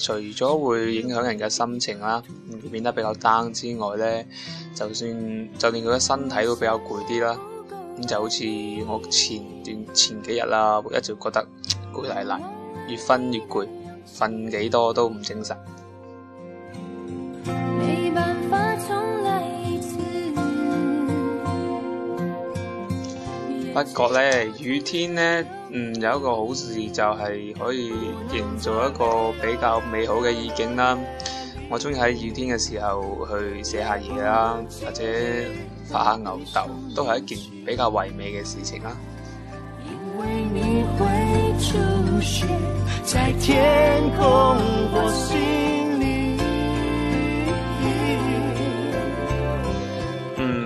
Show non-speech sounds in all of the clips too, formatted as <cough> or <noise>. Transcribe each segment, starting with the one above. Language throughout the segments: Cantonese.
除咗會影響人嘅心情啦，會變得比較 down 之外咧，就算就連佢嘅身體都比較攰啲啦。咁就好似我前段前幾日啦、啊，一直覺得攰賴賴，越瞓越攰，瞓幾多都唔精神。不過呢，雨天呢，嗯，有一個好事就係、是、可以營造一個比較美好嘅意境啦。我中意喺雨天嘅時候去寫下嘢啦，或者發下牛豆，都係一件比較唯美嘅事情啦。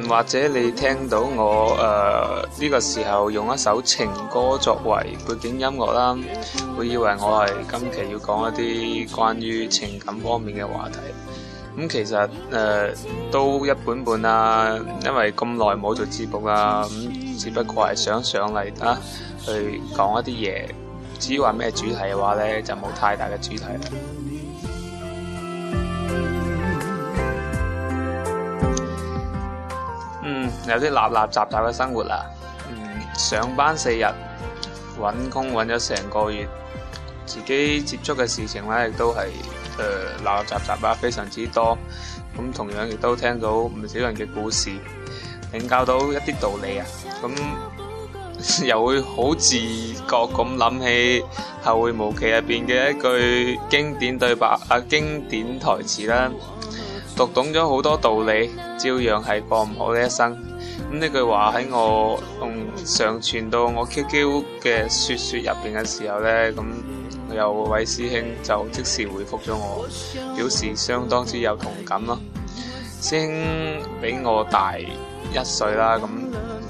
或者你聽到我誒呢、呃這個時候用一首情歌作為背景音樂啦，會以為我係今期要講一啲關於情感方面嘅話題。咁、嗯、其實誒、呃、都一般般啦、啊，因為咁耐冇做節目啦，咁、嗯、只不過係想上嚟啊去講一啲嘢。至於話咩主題嘅話呢，就冇太大嘅主題啦。有啲垃垃雜雜嘅生活啦，嗯，上班四日，搵工搵咗成個月，自己接觸嘅事情咧亦都係，誒，垃垃雜雜啊，非常之多。咁同樣亦都聽到唔少人嘅故事，領教到一啲道理啊。咁又會好自覺咁諗起後會無期入邊嘅一句經典對白啊，經典台詞啦，讀懂咗好多道理，照樣係過唔好嘅一生。咁呢句話喺我從上傳到我 QQ 嘅說說入邊嘅時候咧，咁有位師兄就即時回覆咗我，表示相當之有同感咯。師兄比我大一歲啦，咁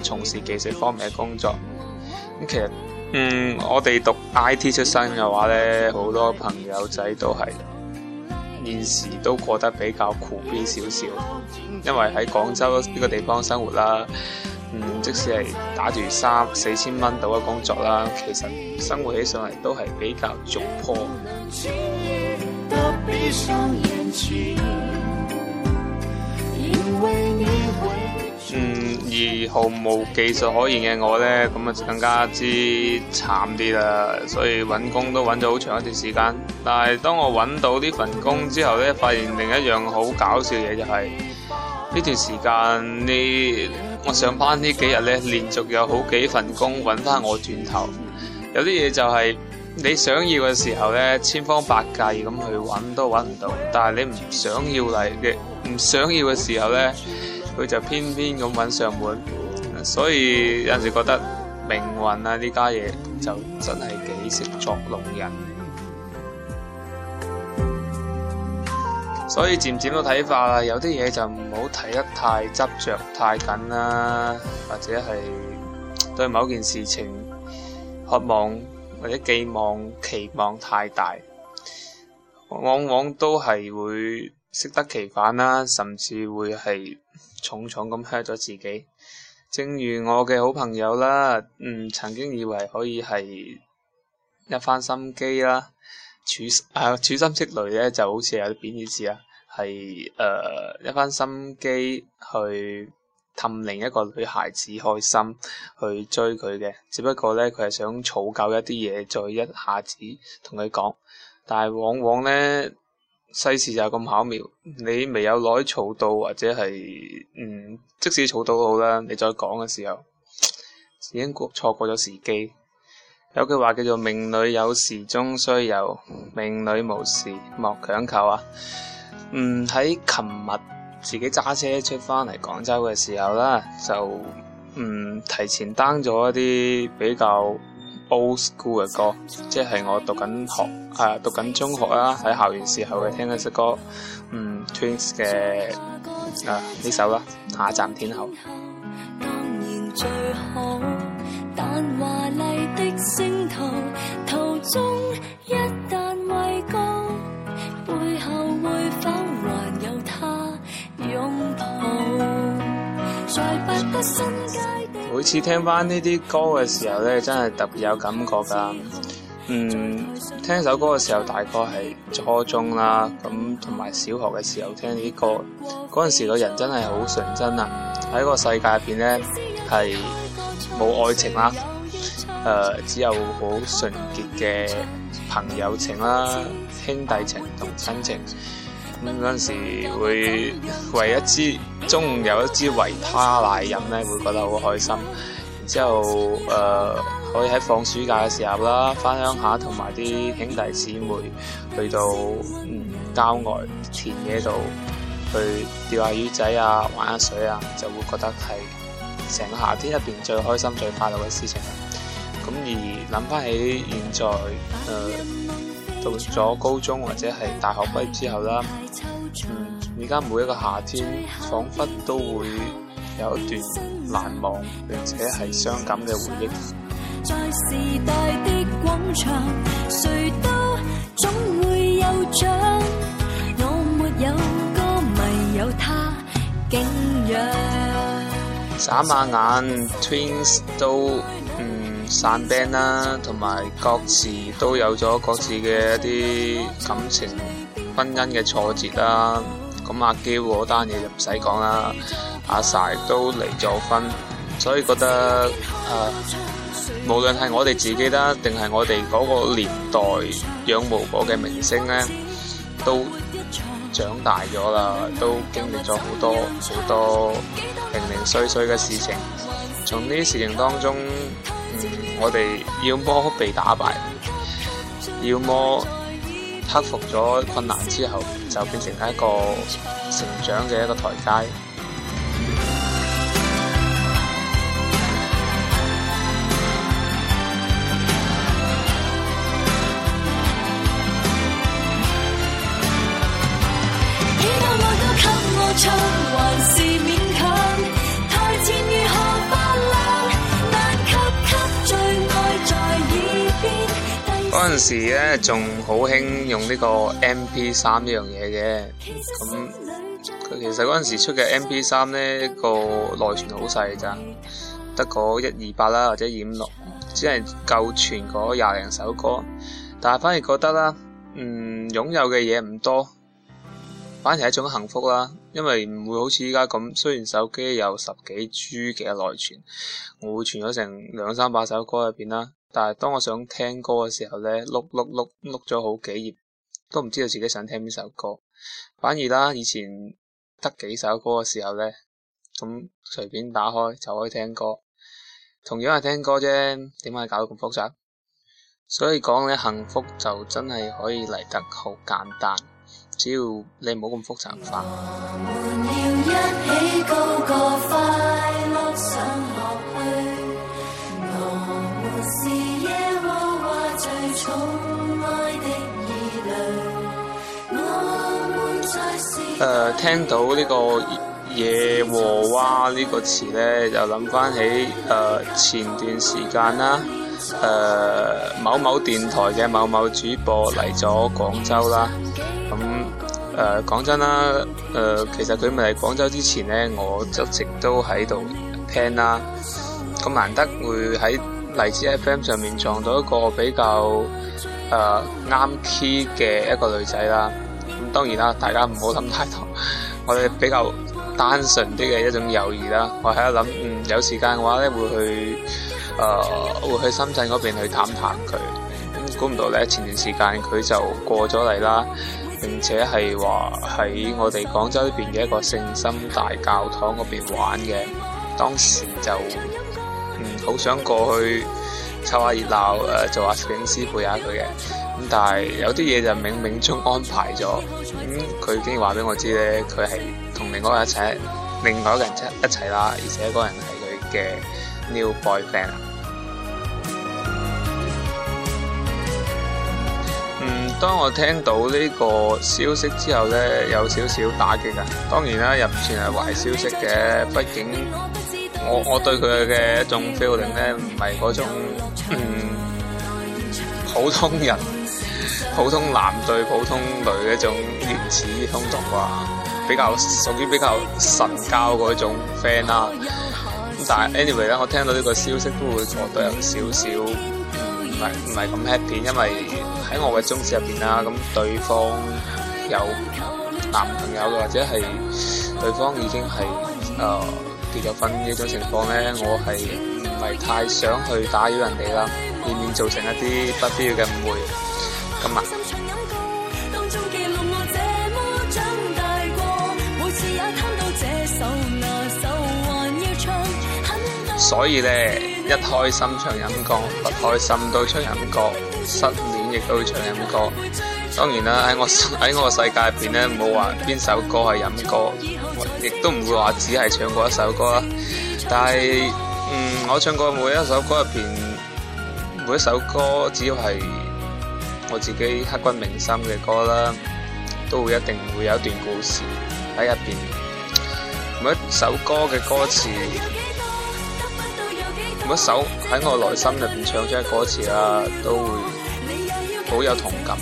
從事技術方面嘅工作。咁其實，嗯，我哋讀 IT 出身嘅話咧，好多朋友仔都係。現時都過得比較苦逼少少，因為喺廣州呢個地方生活啦，嗯，即使係打住三四千蚊度嘅工作啦，其實生活起上嚟都係比較窘迫。嗯，而毫無技術可言嘅我呢，咁啊更加之慘啲啦。所以揾工都揾咗好長一段時間。但係當我揾到呢份工之後呢，發現另一樣好搞笑嘅嘢就係、是、呢段時間，你我上班呢幾日呢，連續有好幾份工揾翻我轉頭。有啲嘢就係、是、你想要嘅時候呢，千方百計咁去揾都揾唔到。但係你唔想要嚟嘅，唔想要嘅時候呢。佢就偏偏咁揾上門，所以有陣時覺得命運啊呢家嘢就真係幾識作弄人。所以漸漸個睇法啊，有啲嘢就唔好睇得太執着、太緊啦，或者係對某件事情渴望或者寄望期望太大，往往都係會。適得其反啦，甚至會係重重咁 hit 咗自己。正如我嘅好朋友啦，嗯，曾經以為可以係一番心機啦，處啊處心積慮咧，就好似有啲貶義詞啊，係誒、呃、一番心機去氹另一個女孩子開心，去追佢嘅。只不過咧，佢係想儲夠一啲嘢，再一下子同佢講。但係往往咧。世事就咁巧妙，你未有耐嘈到，或者係嗯，即使嘈到好啦，你再講嘅時候已經錯過咗時機。有句話叫做命裏有時終須有，命裏無時莫強求啊。嗯，喺琴日自己揸車出翻嚟廣州嘅時候啦，就嗯提前登咗一啲比較。Old school 嘅歌，即係我讀緊學，係啊讀緊中學啦，喺校園時候嘅聽嗰啲歌，嗯，Twins 嘅啊呢首啦，下一站天后。每次聽翻呢啲歌嘅時候咧，真係特別有感覺㗎。嗯，聽首歌嘅時候大概係初中啦，咁同埋小學嘅時候聽呢啲歌，嗰陣時個人真係好純真啊！喺個世界入邊咧係冇愛情啦，誒、呃、只有好純潔嘅朋友情啦、兄弟情同親情。嗰陣時會為一支中午有一支維他奶飲咧，會覺得好開心。然之後誒、呃，可以喺放暑假嘅時候啦，翻鄉下同埋啲兄弟姊妹去到郊外田野度去釣下魚仔啊，玩下水啊，就會覺得係成個夏天入邊最開心最快樂嘅事情。咁而諗翻起現在誒。呃讀咗高中或者係大學畢業之後啦，嗯，而家每一個夏天，仿佛都會有一段難忘並且係傷感嘅回憶。眨 <music> 下眼 <music> ，Twins 都。散兵啦，同埋、啊、各自都有咗各自嘅一啲感情、婚姻嘅挫折啦、啊。咁阿嬌嗰單嘢就唔使講啦，阿、啊、Sa 都離咗婚，所以覺得誒、啊，無論係我哋自己啦，定係我哋嗰個年代仰慕我嘅明星咧，都長大咗啦，都經歷咗好多好多零零碎碎嘅事情，從呢啲事情當中。我哋要麼被打敗，要麼克服咗困難之後，就變成一個成長嘅一個台階。嗰陣時咧仲好興用呢個 M P 三，呢樣嘢嘅，咁其實嗰陣時出嘅 M P 三呢個內存好細咋，得嗰一二八啦或者二五六，只係夠存嗰廿零首歌，但係反而覺得啦，嗯，擁有嘅嘢唔多，反而係一種幸福啦，因為唔會好似依家咁，雖然手機有十幾 G 嘅內存，我會存咗成兩三百首歌入邊啦。但係當我想聽歌嘅時候呢，碌碌碌碌咗好幾頁，都唔知道自己想聽邊首歌。反而啦，以前得幾首歌嘅時候呢，咁隨便打開就可以聽歌。同樣係聽歌啫，點解搞到咁複雜？所以講呢，幸福就真係可以嚟得好簡單，只要你冇咁複雜化。誒聽到呢個耶和華呢個詞咧，就諗翻起誒前段時間啦。誒某某電台嘅某某主播嚟咗廣州啦。咁誒講真啦，誒其實佢未嚟廣州之前咧，我一直都喺度聽啦。咁難得會喺荔枝 FM 上面撞到一個比較誒啱 key 嘅一個女仔啦，咁當然啦，大家唔好諗太多，我哋比較單純啲嘅一種友誼啦。我喺度諗，嗯，有時間嘅話咧，會去誒、呃，會去深圳嗰邊去探探佢。咁估唔到咧，前段時間佢就過咗嚟啦，並且係話喺我哋廣州呢邊嘅一個聖心大教堂嗰邊玩嘅，當時就。好想過去湊下熱鬧，誒、呃、做、啊、司司下攝影師陪下佢嘅。咁但係有啲嘢就冥冥中安排咗。咁、嗯、佢已經話俾我知咧，佢係同另外一齊，另外一個人一齊啦，而且嗰人係佢嘅 new boyfriend。嗯，當我聽到呢個消息之後咧，有少少打擊啊。當然啦，又唔算係壞消息嘅，畢竟。我我對佢嘅一種 feeling 咧，唔係嗰種嗯普通人、普通男對普通女嘅一種原始衝動啩，比較屬於比較神交嗰種 friend 啦、啊。咁但係 anyway 咧，我聽到呢個消息都會覺得有少少唔係唔係咁 happy，因為喺我嘅宗旨入邊啦，咁對方有男朋友嘅或者係對方已經係誒。呃結咗婚呢種情況咧，我係唔係太想去打擾人哋啦，以免造成一啲不必要嘅誤會。咁啊，所以咧，一開心唱飲歌，不開心都唱飲歌，失戀亦都唱飲歌。當然啦，喺我喺我世界入邊咧，唔好話邊首歌係飲歌。亦都唔會話只係唱過一首歌啦，但係嗯，我唱過每一首歌入邊，每一首歌只要係我自己刻骨銘心嘅歌啦，都會一定會有一段故事喺入邊，每一首歌嘅歌詞，每一首喺我內心入邊唱出嘅歌詞啦，都會好有同感。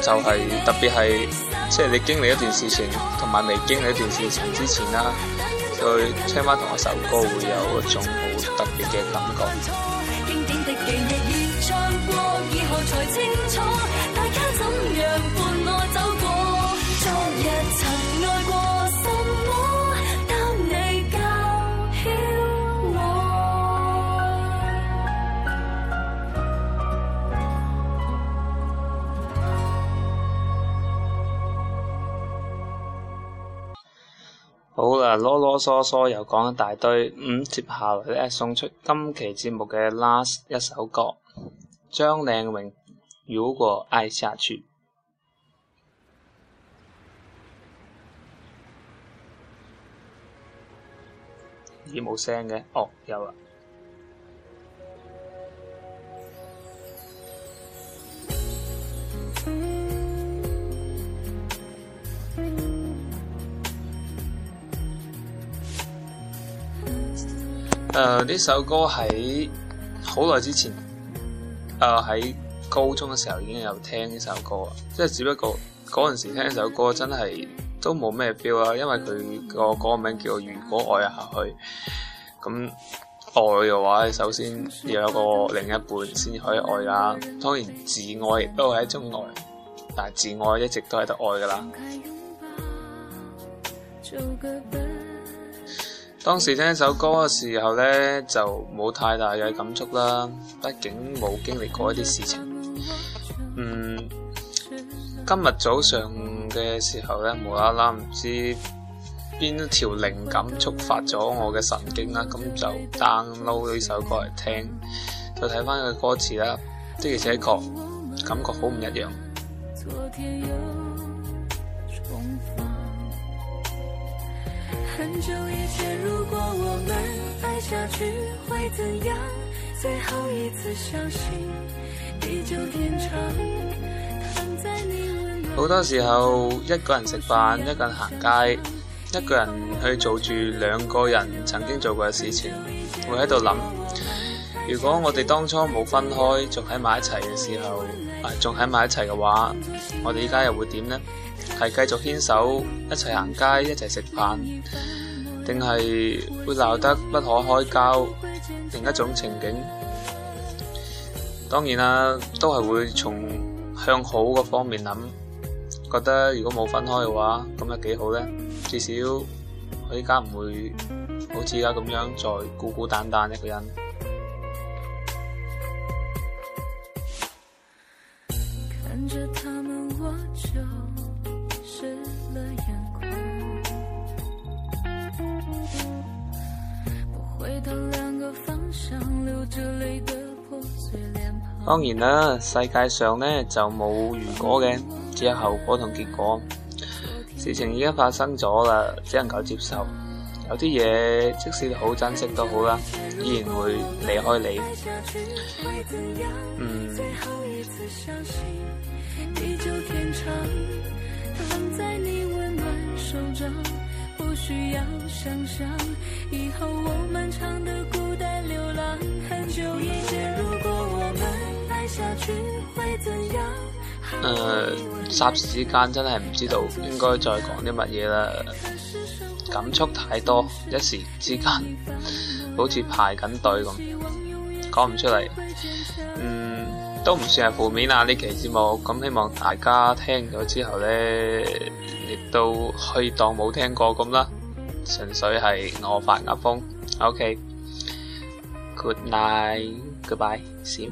就係特別係，即係你經歷一段事情同埋未經歷一段事情之前啦，去聽翻同一首歌會有一種好特別嘅感覺。 <music> 囉囉嗦嗦又講一大堆，咁、嗯、接下來咧送出今期節目嘅 last 一首歌，張靚穎如果愛下去，咦冇聲嘅，哦有啦。呢首歌喺好耐之前，誒、呃、喺高中嘅時候已經有聽呢首歌啦，即係只不過嗰陣時聽呢首歌真係都冇咩 feel 啦，因為佢個歌名叫做《如果愛下去》，咁愛嘅話，首先要有個另一半先可以愛啦，當然自愛亦都係一種愛，但係自愛一直都喺度愛噶啦。當時聽首歌嘅時候咧，就冇太大嘅感觸啦，畢竟冇經歷過一啲事情。嗯，今日早上嘅時候咧，無啦啦唔知邊條靈感觸發咗我嘅神經啦，咁就 download 咗呢首歌嚟聽，再睇翻佢歌詞啦，的而且確，感覺好唔一樣。好多時候，一個人食飯，一個人行街，一個人去做住兩個人曾經做過嘅事情，會喺度諗：如果我哋當初冇分開，仲喺埋一齊嘅時候，啊，仲喺埋一齊嘅話，我哋依家又會點呢？係繼續牽手，一齊行街、一齊食飯，定係會鬧得不可開交，另一種情景。當然啦，都係會從向好個方面諗，覺得如果冇分開嘅話，咁樣幾好咧。至少我依家唔會好似而家咁樣再孤孤單單一個人。當然啦，世界上呢就冇如果嘅，只有後果同結果。事情已經發生咗啦，只能夠接受。有啲嘢即使好珍惜都好啦，依然會離開你。嗯。 <music> 誒，霎時間真係唔知道應該再講啲乜嘢啦，感觸太多，一時之間好似排緊隊咁，講唔出嚟。嗯，都唔算係負面啊，呢期節目，咁希望大家聽咗之後咧，亦都可以當冇聽過咁啦，純粹係我發噏風。OK，Good night，Goodbye，See。